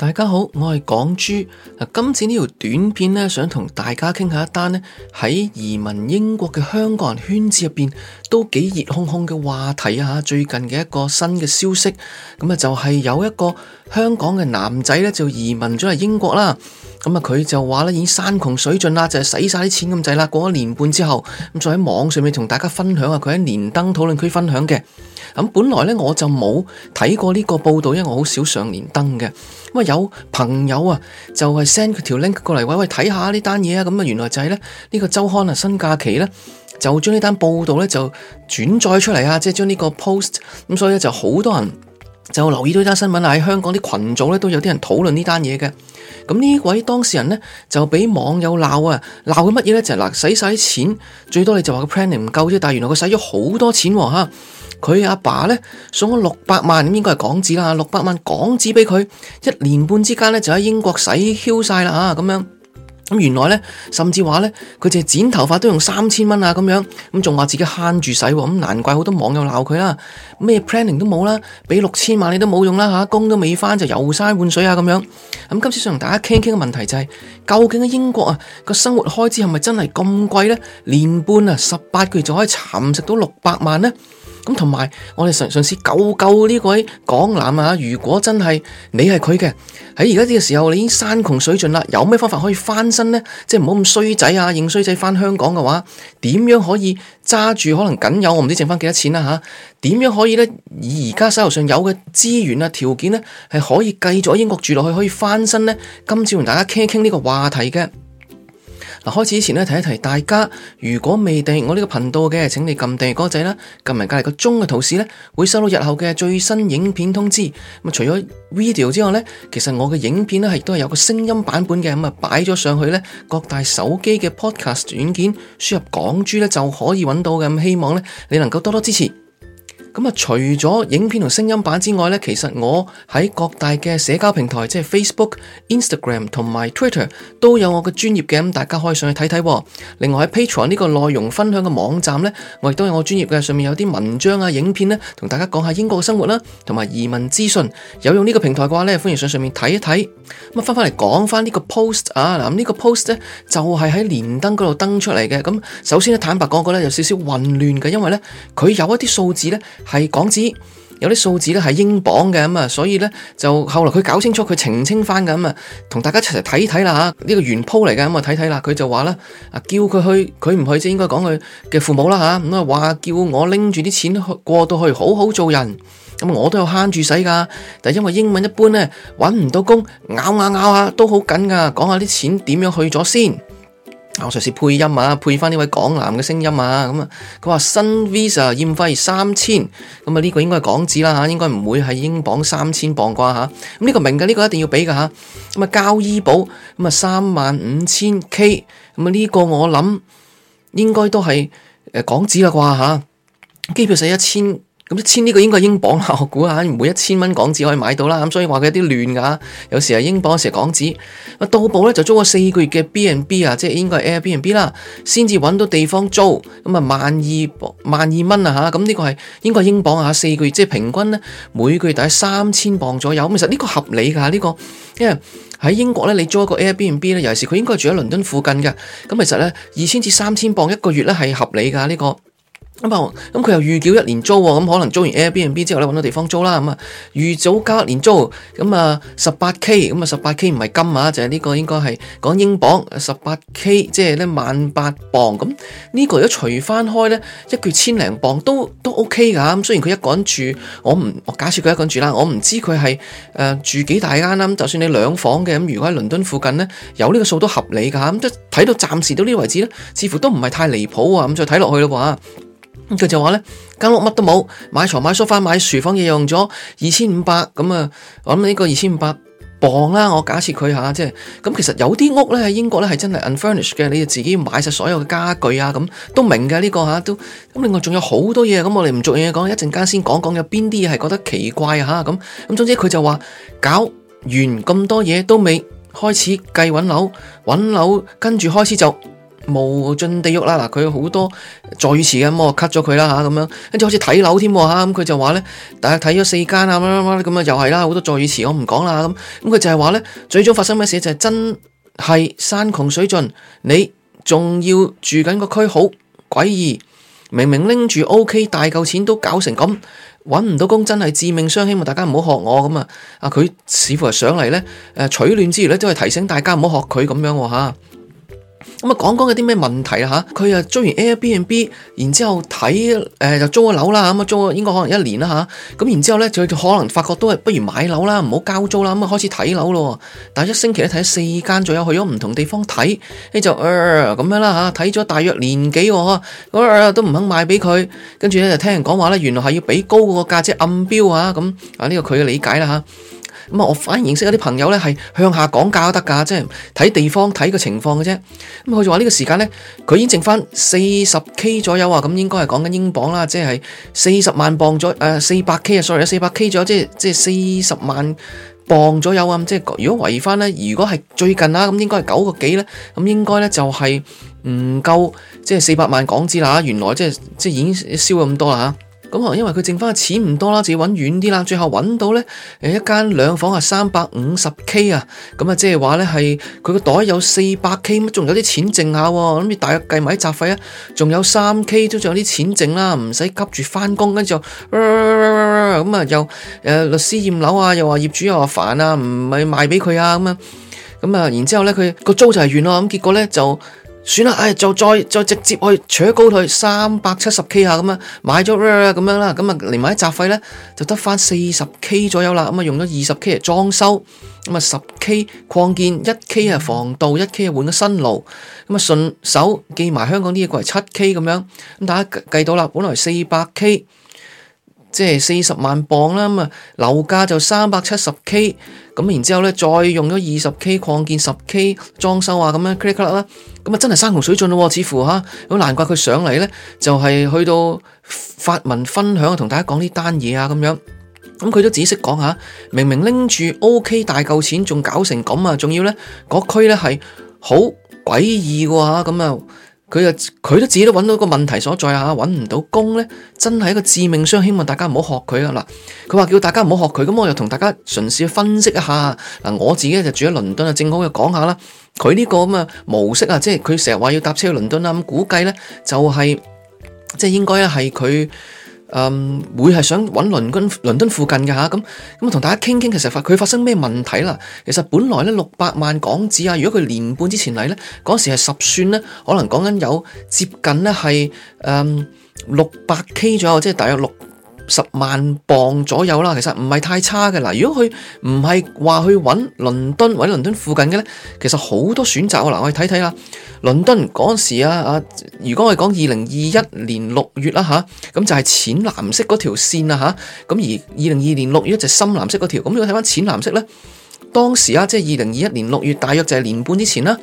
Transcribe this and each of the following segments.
大家好，我係港珠。今次呢條短片呢，想同大家傾下一單呢，喺移民英國嘅香港人圈子入面，都幾熱烘烘嘅話題啊！最近嘅一個新嘅消息，咁啊就係有一個香港嘅男仔呢，就移民咗嚟英國啦。咁啊，佢就話咧，已經山窮水盡啦，就係使晒啲錢咁滯啦。過咗年半之後，咁就喺網上面同大家分享下佢喺連登討論區分享嘅。咁本來咧，我就冇睇過呢個報道，因為我好少上連登嘅。咁啊，有朋友啊，就係 send 佢條 link 過嚟，喂喂，睇下呢單嘢啊。咁啊，原來就係咧，呢個周刊啊，新假期咧，就將呢單報道咧就轉載出嚟啊，即係將呢個 post。咁所以咧，就好多人。就留意到呢單新聞啦，喺香港啲群組咧都有啲人討論呢單嘢嘅。咁呢位當事人咧就俾網友鬧啊，鬧佢乜嘢咧？就係嗱，使曬錢，最多你就話個 planning 唔夠啫。但係原來佢使咗好多錢喎嚇，佢阿爸咧送咗六百萬，咁應該係港紙啦，六百萬港紙俾佢，一年半之間咧就喺英國使嬌曬啦嚇，咁樣。咁原來呢，甚至話呢，佢淨係剪頭髮都用三千蚊啊，咁樣，咁仲話自己慳住使喎，咁難怪好多網友鬧佢啦，咩 planning 都冇啦，俾六千萬你都冇用啦嚇，工都未返就遊山玩水啊咁樣，咁今次想同大家傾傾嘅問題就係，是，究竟喺英國啊個生活開支係咪真係咁貴呢？年半啊十八個月就可以蠶食到六百萬呢？咁同埋，我哋嘗試救救呢位港男啊！如果真係你係佢嘅喺而家呢個時候，你已經山窮水盡啦。有咩方法可以翻身呢？即係唔好咁衰仔啊，認衰仔翻香港嘅話，點樣可以揸住可能僅有我唔知剩翻幾多錢啦、啊、吓？點樣可以咧？以而家手頭上有嘅資源啊，條件咧係可以繼續喺英國住落去，可以翻身咧？今次同大家傾傾呢個話題嘅。嗱，開始之前咧，提一提大家，如果未訂閱我呢個頻道嘅，請你撳訂閱歌仔啦，撳埋隔離個鐘嘅圖示咧，會收到日後嘅最新影片通知。除咗 video 之外呢，其實我嘅影片呢，亦都係有個聲音版本嘅，咁啊擺咗上去呢，各大手機嘅 podcast 軟件輸入港珠咧就可以揾到嘅。咁希望呢，你能夠多多支持。除咗影片同聲音版之外咧，其實我喺各大嘅社交平台，即係 Facebook、Instagram 同埋 Twitter 都有我嘅專頁嘅，大家可以上去睇睇。另外喺 Patreon 呢個內容分享嘅網站呢，我亦都有我專頁嘅，上面有啲文章啊、影片呢，同大家講下英國生活啦，同埋移民資訊。有用呢個平台嘅話呢，歡迎上上面睇一睇。咁啊，返返嚟講返呢個 post 啊，嗱咁呢個 post 呢，就係喺連登嗰度登出嚟嘅。咁首先坦白講講咧，有少少混亂嘅，因為呢，佢有一啲數字呢。係港紙，有啲數字咧係英鎊嘅咁啊，所以咧就後來佢搞清楚佢澄清翻咁啊，同大家一齊睇睇啦吓，呢個原鋪嚟嘅，咁啊睇睇啦，佢就話啦啊叫佢去佢唔去，即應該講佢嘅父母啦吓咁啊話叫我拎住啲錢過到去好好做人，咁我都有慳住使噶，但係因為英文一般咧搵唔到工，咬下咬下都好緊噶，講下啲錢點樣去咗先。我嘗試配音啊，配翻呢位港男嘅聲音啊，咁啊，佢話新 visa 驗費三千，咁啊呢個應該係港紙啦吓，應該唔會係英鎊三千磅啩吓，咁呢個明嘅，呢個一定要俾嘅吓，咁啊交醫保，咁啊三萬五千 k，咁啊呢個我諗應該都係誒港紙啦啩吓，機票使一千。咁一千呢個應該係英鎊啦，我估下，每一千蚊港紙可以買到啦。咁所以話佢有啲亂噶，有時係英鎊，有時港紙。到步咧就租個四個月嘅 B n B 啊，即係應該係 Air B n B 啦，先至揾到地方租。咁啊，萬二萬二蚊啊吓，咁呢個係應該係英鎊啊，四個月即係平均咧，每個月大約三千鎊左右。咁其實呢個合理噶，呢個因為喺英國咧，你租一個 Air B n B 咧，尤其是佢應該住喺倫敦附近嘅。咁其實咧，二千至三千鎊一個月咧係合理噶呢個。咁佢、嗯、又預繳一年租喎，咁、嗯、可能租完 Airbnb 之後咧，揾到地方租啦。咁、嗯、啊，預早交一年租，咁啊十八 K，咁啊十八 K 唔係金啊，就係、是、呢個應該係講英磅，十八 K 即係咧萬八磅。咁呢個如果除翻開呢，一句千零磅都都 OK 噶。咁、嗯、雖然佢一個人住，我唔我假設佢一個人住啦，我唔知佢係誒住幾大間啦、嗯。就算你兩房嘅，咁、嗯、如果喺倫敦附近呢，有呢個數都合理㗎。咁即睇到暫時到呢個位置呢，似乎都唔係太離譜啊。咁再睇落去啦喎。佢就話呢間屋乜都冇，買床、買梳化、買廚房嘢用咗二千五百，咁啊，我諗呢個二千五百磅啦，我假設佢嚇，即係咁。其實有啲屋呢，喺英國呢，係真係 unfurnished 嘅，你要自己買晒所有嘅家具啊，咁都明嘅呢、呢個吓，都。咁另外仲有好多嘢，咁我哋唔做嘢講，一陣間先講講有邊啲嘢係覺得奇怪嚇、啊、咁。咁總之佢就話搞完咁多嘢都未開始計揾樓，揾樓跟住開始就……」無盡地獄啦，嗱，佢好多助語詞咁，我 cut 咗佢啦吓，咁樣，跟住好似睇樓添吓，咁佢就話咧，大家睇咗四間啊，乜乜乜，咁啊，又係啦，好多助語詞我唔講啦，咁咁佢就係話咧，最終發生咩事就係真係山窮水盡，你仲要住緊個區好詭異，明明拎住 OK 大嚿錢都搞成咁，搵唔到工真係致命傷，希望大家唔好學我咁啊，啊佢似乎係上嚟咧，誒取暖之餘咧，都係提醒大家唔好學佢咁樣吓。咁啊，講講佢啲咩問題吓，佢啊租完 Airbnb，然之後睇誒、呃，就租咗樓啦，咁啊租咗應該可能一年啦吓，咁然之後咧就可能發覺都係不如買樓啦，唔好交租啦，咁啊開始睇樓咯，但係一星期咧睇四間，仲有去咗唔同地方睇，你就咁、呃、樣啦吓，睇咗大約年幾個、呃、都唔肯賣俾佢，跟住咧就聽人講話咧，原來係要俾高個價值暗標啊，咁啊呢個佢嘅理解啦。我反而認識一啲朋友呢係向下講價都得㗎，即係睇地方睇個情況嘅啫。咁佢就話呢個時間呢，佢已經剩返四十 K 左右啊，咁應該係講緊英鎊啦，即係四十萬鎊左，誒四百 K 啊，sorry，四百 K 左右，即係四十萬鎊左右啊。即係如果維翻呢，如果係最近啊，咁應該係九個幾呢。咁應該呢就係唔夠，即係四百萬港紙啦。原來即係即係已經燒咗咁多啦。咁啊，因為佢剩翻嘅錢唔多啦，就揾遠啲啦。最後揾到咧，誒一間兩房係三百五十 k 啊，咁啊，即係話咧係佢個袋有四百 k，咪仲有啲錢剩下喎。諗住大約計埋啲雜費啊，仲有三 k 都仲有啲錢剩啦，唔使急住翻工，跟住就「咁、呃、啊、呃呃、又誒律師驗樓啊，又話業主又話煩啊，唔係賣俾佢啊咁啊，咁啊，然之後咧佢個租就係完咯，咁結果咧就。算啦，誒、哎，就再再直接去扯高佢三百七十 k 下咁樣買咗咁樣啦，咁啊連埋一雜費咧，就得返四十 k 左右啦。咁啊，用咗二十 k 嚟裝修，咁啊十 k 擴建一 k 啊防盜，一 k 啊換咗新爐，咁啊順手寄埋香港啲嘢過嚟七 k 咁樣咁，大家計，計到啦。本來四百 k 即係四十萬鎊啦，咁啊樓價就三百七十 k 咁，然後之後咧再用咗二十 k 擴建十 k 裝修啊，咁樣 click 啦。咁啊，真係山窮水盡咯，似乎吓，好難怪佢上嚟咧，就係、是、去到發文分享，同大家講呢單嘢啊，咁樣咁佢都只識講下，明明拎住 OK 大嚿錢，仲搞成咁啊！仲要咧，個區咧係好詭異嘅嚇，咁啊，佢啊佢都自己都揾到個問題所在啊，揾唔到工咧，真係一個致命傷，希望大家唔好學佢啊！嗱，佢話叫大家唔好學佢，咁我又同大家順勢分析一下嗱，嗱，我自己就住喺倫敦啊，正好又講下啦。佢呢個咁啊模式啊，即係佢成日話要搭車去倫敦啊。咁估計咧、就係，就係即係應該係佢誒會係想揾倫敦、倫敦附近嘅吓。咁咁同大家傾傾，其實發佢發生咩問題啦？其實本來咧六百萬港紙啊，如果佢年半之前嚟咧，嗰時係十算咧，可能講緊有接近咧係誒六百 K 左右，即係大約六。十萬磅左右啦，其實唔係太差嘅。嗱，如果佢唔係話去揾倫敦或者倫敦附近嘅呢，其實好多選擇啊。嗱，我哋睇睇啦。倫敦嗰陣時啊啊，如果我哋講二零二一年六月啦吓，咁就係淺藍色嗰條線啦吓，咁而二零二二年六月就深藍色嗰條。咁如果睇翻淺藍色呢，當時啊，即係二零二一年六月，大約就係年半之前啦。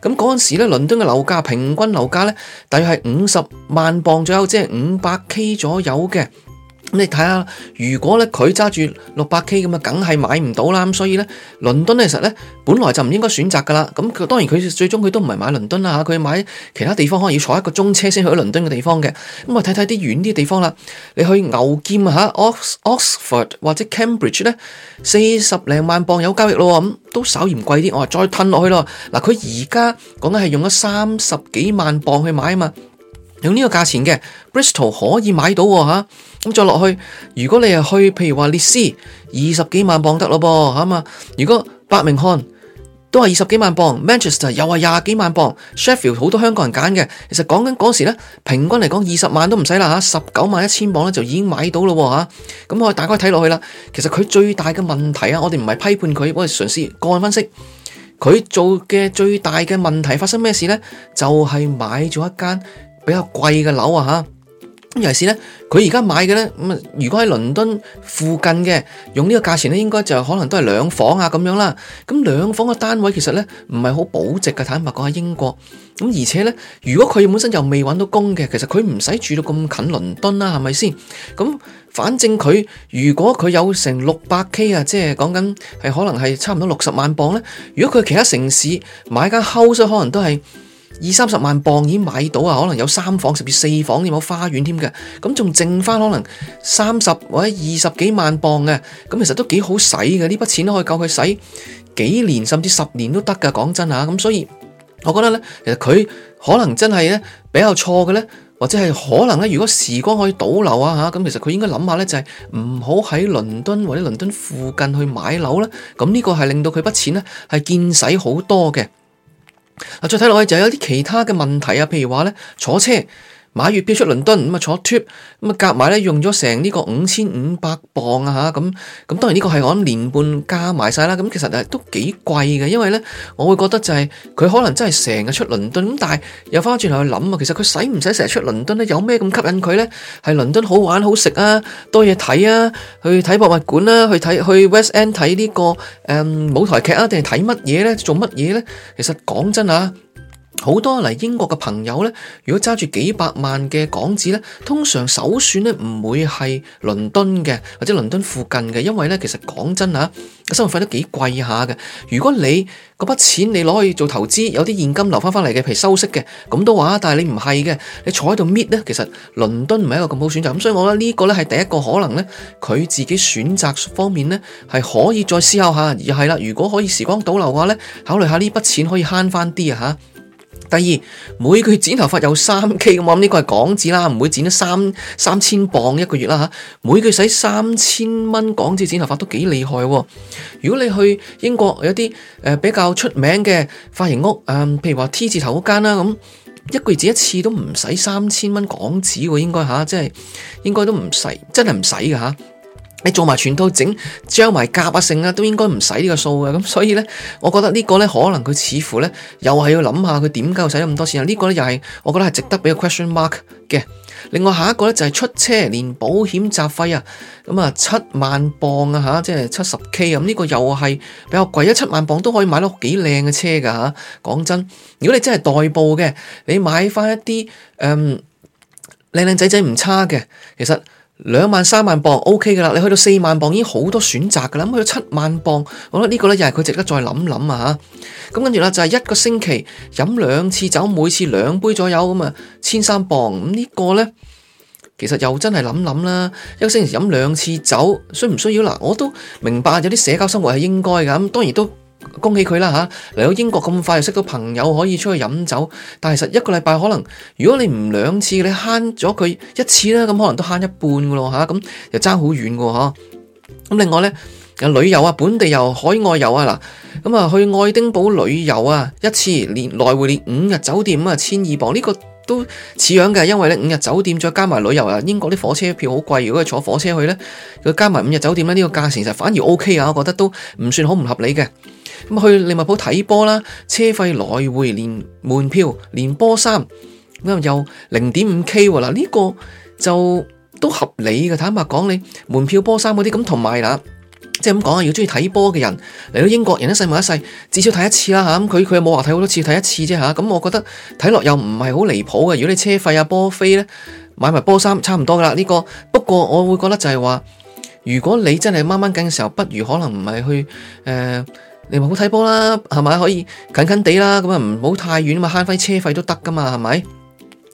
咁嗰陣時咧，倫敦嘅樓價平均樓價呢，大約係五十萬磅左右，即係五百 K 左右嘅。咁你睇下，如果咧佢揸住六百 K 咁啊，梗係買唔到啦。咁所以咧，倫敦其實咧，本來就唔應該選擇噶啦。咁當然佢最終佢都唔係買倫敦啦嚇，佢買其他地方可能要坐一個鐘車先去到倫敦嘅地方嘅。咁啊，睇睇啲遠啲地方啦。你去牛劍啊嚇，Oxford 或者 Cambridge 咧，四十零萬磅有交易咯。咁都稍嫌貴啲。我再褪落去咯。嗱，佢而家講緊係用咗三十幾萬磅去買啊嘛。用呢個價錢嘅 Bristol 可以買到喎，吓、啊、咁再落去，如果你係去，譬如話列斯二十幾萬磅得咯，噃。吓嘛，如果伯明翰都係二十幾萬磅，Manchester 又係廿幾萬磅，Sheffield 好多香港人揀嘅。其實講緊嗰時咧，平均嚟講二十萬都唔使啦，吓十九萬一千磅咧就已經買到咯，吓，咁我哋大概睇落去啦。其實佢最大嘅問題啊，我哋唔係批判佢，我哋嘗試個案分析佢做嘅最大嘅問題發生咩事咧，就係、是、買咗一間。比較貴嘅樓啊吓，尤其是咧，佢而家買嘅咧，咁啊，如果喺倫敦附近嘅，用呢個價錢咧，應該就可能都係兩房啊咁樣啦。咁兩房嘅單位其實咧，唔係好保值嘅。坦白講喺英國，咁而且咧，如果佢本身又未搵到工嘅，其實佢唔使住到咁近倫敦啦，係咪先？咁反正佢如果佢有成六百 k 啊，即係講緊係可能係差唔多六十萬磅咧。如果佢喺其他城市買間 house，可能都係。二三十萬鎊已經買到啊，可能有三房甚至四房，有冇花園添嘅？咁仲剩翻可能三十或者二十幾萬鎊嘅，咁其實都幾好使嘅。呢筆錢都可以夠佢使幾年甚至十年都得噶。講真啊，咁所以我覺得咧，其實佢可能真係咧，比較錯嘅咧，或者係可能咧，如果時光可以倒流啊吓，咁其實佢應該諗下咧，就係唔好喺倫敦或者倫敦附近去買樓啦。咁呢個係令到佢筆錢咧係見使好多嘅。再睇落去就有啲其他嘅問題啊，譬如話咧坐車。買月票出倫敦咁啊，坐 tube 咁啊，夾埋咧用咗成呢個五千五百磅啊嚇，咁、啊、咁、啊、當然呢個係我一年半加埋晒啦，咁、啊啊、其實誒、啊、都幾貴嘅，因為咧我會覺得就係、是、佢可能真係成日出倫敦，咁但係又翻返轉頭去諗啊，其實佢使唔使成日出倫敦咧？有咩咁吸引佢咧？係倫敦好玩好食啊，多嘢睇啊，去睇博物館啊，去睇去 West End 睇呢、這個誒、嗯、舞台劇啊，定係睇乜嘢咧？做乜嘢咧？其實講真嚇。好多嚟英國嘅朋友咧，如果揸住幾百萬嘅港紙咧，通常首選咧唔會係倫敦嘅或者倫敦附近嘅，因為咧其實講真嚇生活費都幾貴下嘅。如果你嗰筆錢你攞去做投資，有啲現金流翻翻嚟嘅，譬如收息嘅，咁都話，但係你唔係嘅，你坐喺度搣咧，其實倫敦唔係一個咁好選擇。咁所以我覺得呢個咧係第一個可能咧，佢自己選擇方面咧係可以再思考下。而係啦，如果可以時光倒流嘅話咧，考慮下呢筆錢可以慳翻啲啊。第二，每個月剪頭髮有三 K 咁，我諗呢個係港紙啦，唔會剪咗三三千磅一個月啦嚇。每個月使三千蚊港紙剪頭髮都幾厲害喎。如果你去英國有啲誒、呃、比較出名嘅髮型屋啊、呃，譬如話 T 字頭嗰間啦咁，一個月剪一次都唔使三千蚊港紙喎，應該嚇、啊，即係應該都唔使，真係唔使嘅嚇。啊。你做埋全套整，將埋夾啊剩啊，都應該唔使呢個數嘅。咁所以呢，我覺得呢個呢，可能佢似乎呢，又係要諗下佢點解要使咗咁多錢啊？呢、這個呢，又係我覺得係值得俾個 question mark 嘅。另外下一個呢，就係、是、出車連保險雜費啊，咁啊七萬鎊啊吓，即係七十 K 啊、嗯。咁、這、呢個又係比較貴一、啊、七萬鎊都可以買到幾靚嘅車㗎吓、啊。講真，如果你真係代步嘅，你買翻一啲誒、嗯、靚靚仔仔唔差嘅，其實。兩萬三萬磅 OK 噶啦，你去到四萬磅已經好多選擇噶啦，咁去到七萬磅，我覺得呢個咧又係佢值得再諗諗啊吓。咁跟住啦，就係一個星期飲兩次酒，每次兩杯左右咁啊，千三磅咁，這個，呢個咧，其實又真係諗諗啦。一個星期飲兩次酒，需唔需要嗱？我都明白有啲社交生活係應該咁，當然都。恭喜佢啦嚇！嚟到英國咁快又識到朋友可以出去飲酒，但係實一個禮拜可能，如果你唔兩次，你慳咗佢一次啦，咁可能都慳一半噶咯嚇，咁又爭好遠嘅嚇。咁另外呢，有旅遊啊，本地遊、海外遊啊嗱，咁啊去愛丁堡旅遊啊一次連來回連五日酒店啊千二磅，呢個都似樣嘅，因為呢五日酒店再加埋旅遊啊，英國啲火車票好貴，如果你坐火車去呢，佢加埋五日酒店呢，呢個價錢實反而 OK 啊，我覺得都唔算好唔合理嘅。咁去利物浦睇波啦，車費來回連門票連波衫咁又零點五 K 喎，呢個就都合理嘅。坦白講，你門票波衫嗰啲咁，同埋啦，即係咁講啊，如果中意睇波嘅人嚟到英國，人一世冇一世至少睇一次啦嚇。咁佢佢冇話睇好多次，睇一次啫嚇。咁我覺得睇落又唔係好離譜嘅。如果你車費啊，波飛咧買埋波衫，差唔多噶啦。呢個不過我會覺得就係話，如果你真係掹掹緊嘅時候，不如可能唔係去誒。呃你唔好睇波啦，係咪可以近近地啦？咁啊唔好太遠啊嘛，慳翻車費都得噶嘛，係咪？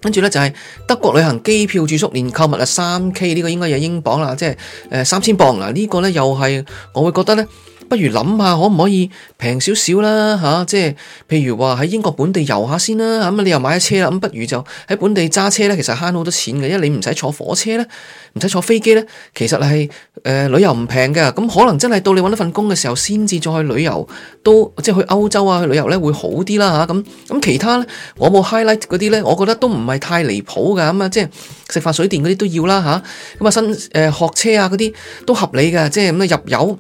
跟住咧就係德國旅行機票住宿連購物啊三 K 呢個應該有英鎊啦，即係誒三千鎊嗱呢個咧又係我會覺得咧。不如諗下，可唔可以平少少啦？嚇、啊，即係譬如話喺英國本地遊下先啦，咁、啊、你又買咗車啦，咁、啊、不如就喺本地揸車咧。其實慳好多錢嘅，因為你唔使坐火車咧，唔使坐飛機咧。其實係誒、呃、旅遊唔平嘅，咁、啊、可能真係到你揾到份工嘅時候，先至再去旅遊，都即係去歐洲啊去旅遊咧會好啲啦嚇。咁、啊、咁、啊、其他咧，我冇 highlight 嗰啲咧，我覺得都唔係太離譜嘅咁啊，即係食飯、水電嗰啲都要啦嚇。咁啊，啊新誒、呃、學車啊嗰啲都合理嘅，即係咁啊入油。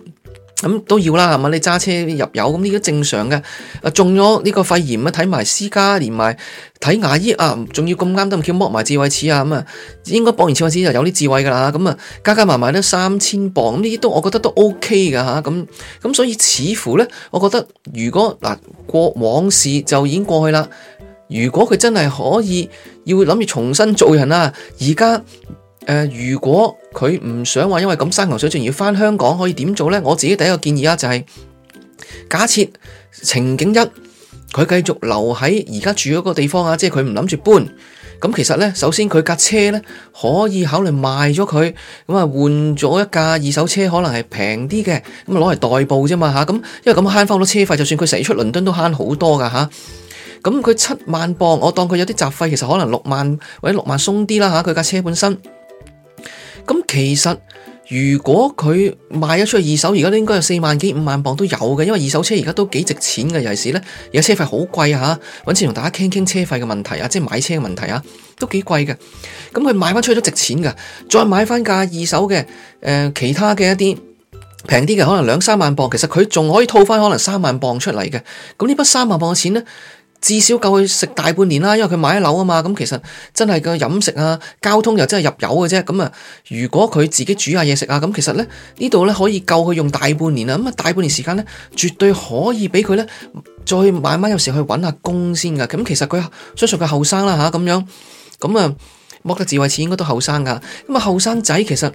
咁都要啦，係嘛？你揸車入油，咁呢啲正常嘅。啊，中咗呢個肺炎啊，睇埋私家，連埋睇牙醫啊，仲要咁啱得咁蹺剝埋智慧齒啊，咁啊，應該剝完智慧齒就有啲智慧噶啦。咁啊，加加埋埋都三千磅，呢啲都我覺得都 OK 噶吓。咁、啊、咁所以似乎呢，我覺得如果嗱、啊、過往事就已經過去啦。如果佢真係可以要諗住重新做人啊，而家。呃、如果佢唔想話因為咁山窮水盡而要翻香港，可以點做呢？我自己第一個建議啊、就是，就係假設情景一，佢繼續留喺而家住嗰個地方啊，即係佢唔諗住搬。咁其實呢，首先佢架車呢，可以考慮賣咗佢，咁啊換咗一架二手車，可能係平啲嘅，咁啊攞嚟代步啫嘛吓。咁因為咁慳翻好多車費，就算佢駛出倫敦都慳好多噶吓。咁佢七萬磅，我當佢有啲雜費，其實可能六萬或者六萬鬆啲啦吓。佢架車本身。咁其實如果佢賣咗出去二手，而家都應該有四萬幾五萬磅都有嘅，因為二手車而家都幾值錢嘅。尤其是呢，而家車費好貴吓，揾錢同大家傾傾車費嘅問題啊，即係買車嘅問題啊，都幾貴嘅。咁佢賣翻出去都值錢噶，再買翻架二手嘅誒、呃，其他嘅一啲平啲嘅，可能兩三萬磅，其實佢仲可以套翻可能三萬磅出嚟嘅。咁呢筆三萬磅嘅錢呢？至少夠佢食大半年啦，因為佢買咗樓啊嘛，咁其實真係個飲食啊、交通又真係入油嘅啫。咁啊，如果佢自己煮下嘢食啊，咁其實咧呢度咧可以夠佢用大半年啊。咁啊，大半年時間咧，絕對可以俾佢咧再慢慢有時去揾下工先噶。咁其實佢相信佢後生啦吓，咁樣咁啊，摩得自慧錢應該都後生噶。咁啊，後生仔其實。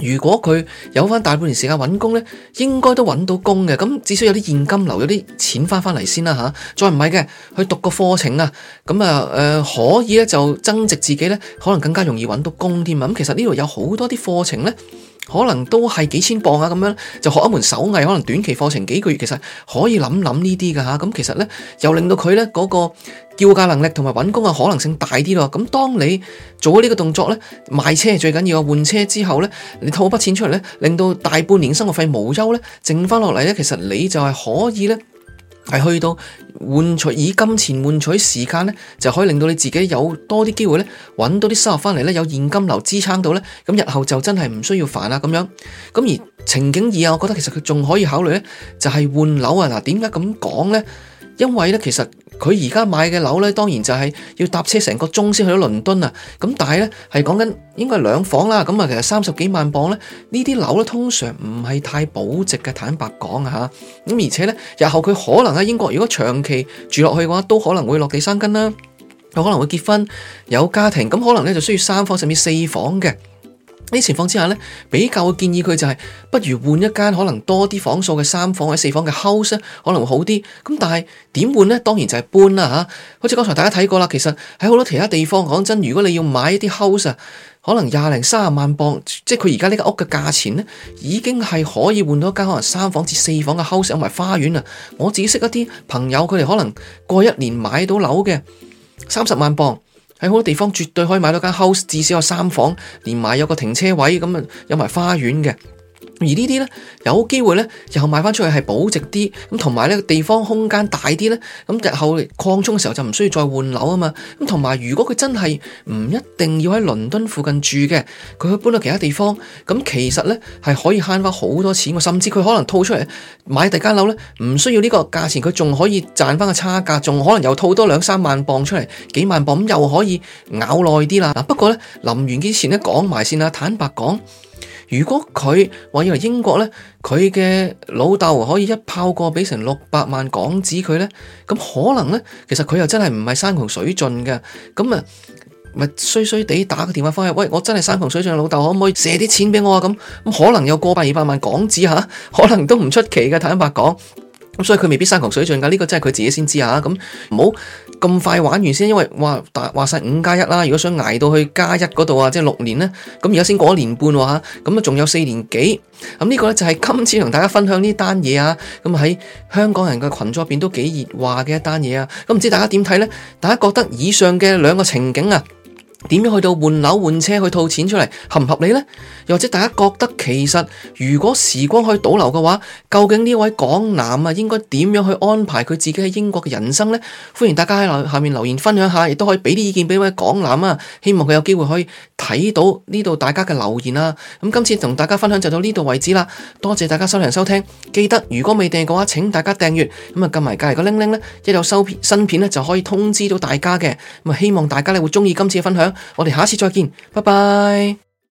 如果佢有翻大半年時間揾工呢，應該都揾到工嘅。咁至少有啲現金流，有啲錢翻翻嚟先啦吓，再唔係嘅，去讀個課程啊，咁啊，誒可以呢就增值自己呢，可能更加容易揾到工添啊。咁其實呢度有好多啲課程呢。可能都係幾千鎊啊，咁樣就學一門手藝，可能短期課程幾個月，其實可以諗諗呢啲噶吓，咁其實呢，又令到佢呢嗰個叫價能力同埋揾工嘅可能性大啲咯。咁當你做咗呢個動作呢，賣車係，最緊要啊，換車之後呢，你套筆錢出嚟，呢，令到大半年生活費無憂呢，剩翻落嚟，呢，其實你就係可以呢。係去到換取以金錢換取時間呢，就可以令到你自己有多啲機會呢，揾到啲收入翻嚟呢，有現金流支撐到呢，咁日後就真係唔需要煩啦咁樣。咁而情景二啊，我覺得其實佢仲可以考慮呢，就係換樓啊！嗱，點解咁講呢？因為呢，其實佢而家買嘅樓呢，當然就係要搭車成個鐘先去到倫敦啊。咁但係呢，係講緊應該係兩房啦。咁啊，其實三十幾萬鎊呢，呢啲樓呢，通常唔係太保值嘅。坦白講吓，咁而且呢，日後佢可能喺英國，如果長期住落去嘅話，都可能會落地生根啦。佢可能會結婚，有家庭，咁可能咧就需要三房甚至四房嘅。呢啲情況之下呢，比較建議佢就係，不如換一間可能多啲房數嘅三房或者四房嘅 house，可能會好啲。咁但係點換呢？當然就係搬啦嚇。好似剛才大家睇過啦，其實喺好多其他地方講真，如果你要買一啲 house 啊，可能廿零三十萬磅，即係佢而家呢間屋嘅價錢呢，已經係可以換到一間可能三房至四房嘅 house，同埋花園啊。我自己識一啲朋友，佢哋可能過一年買到樓嘅三十萬磅。喺好多地方絕對可以買到間 house，至少有三房，連埋有個停車位咁啊，有埋花園嘅。而呢啲呢，有機會呢，日後買翻出去係保值啲，咁同埋呢個地方空間大啲呢。咁日後擴充嘅時候就唔需要再換樓啊嘛。咁同埋，如果佢真係唔一定要喺倫敦附近住嘅，佢去搬到其他地方，咁其實呢係可以慳翻好多錢。我甚至佢可能套出嚟買第間樓呢，唔需要呢個價錢，佢仲可以賺翻個差價，仲可能又套多兩三萬磅出嚟，幾萬磅咁又可以咬耐啲啦。不過呢，臨完結前呢，講埋先啦，坦白講。如果佢話要嚟英國呢，佢嘅老豆可以一炮過俾成六百萬港紙佢呢，咁可能呢，其實佢又真係唔係山窮水盡嘅，咁啊咪衰衰地打個電話翻去：「喂，我真係山窮水盡，老豆可唔可以借啲錢俾我啊？」咁咁可能有過百二百萬港紙吓、啊，可能都唔出奇嘅，坦白講，咁所以佢未必山窮水盡噶，呢個真係佢自己先知吓，咁唔好。咁快玩完先，因為哇話大話晒五加一啦。如果想捱到去加一嗰度啊，即係六年咧，咁而家先過一年半吓，咁啊仲有四年幾。咁呢個咧就係今次同大家分享呢單嘢啊。咁喺香港人嘅群組入邊都幾熱話嘅一單嘢啊。咁唔知大家點睇咧？大家覺得以上嘅兩個情景啊？點樣去到換樓換車去套錢出嚟合唔合理呢？又或者大家覺得其實如果時光可以倒流嘅話，究竟呢位港男啊應該點樣去安排佢自己喺英國嘅人生呢？歡迎大家喺下面留言分享下，亦都可以俾啲意見俾位港男啊，希望佢有機會可以睇到呢度大家嘅留言啊。咁今次同大家分享就到呢度為止啦，多謝大家收聽收聽，記得如果未訂嘅話，請大家訂閱，咁啊撳埋隔籬個鈴鈴呢，一有收新片咧就可以通知到大家嘅。咁啊希望大家咧會中意今次嘅分享。我哋下次再見，拜拜。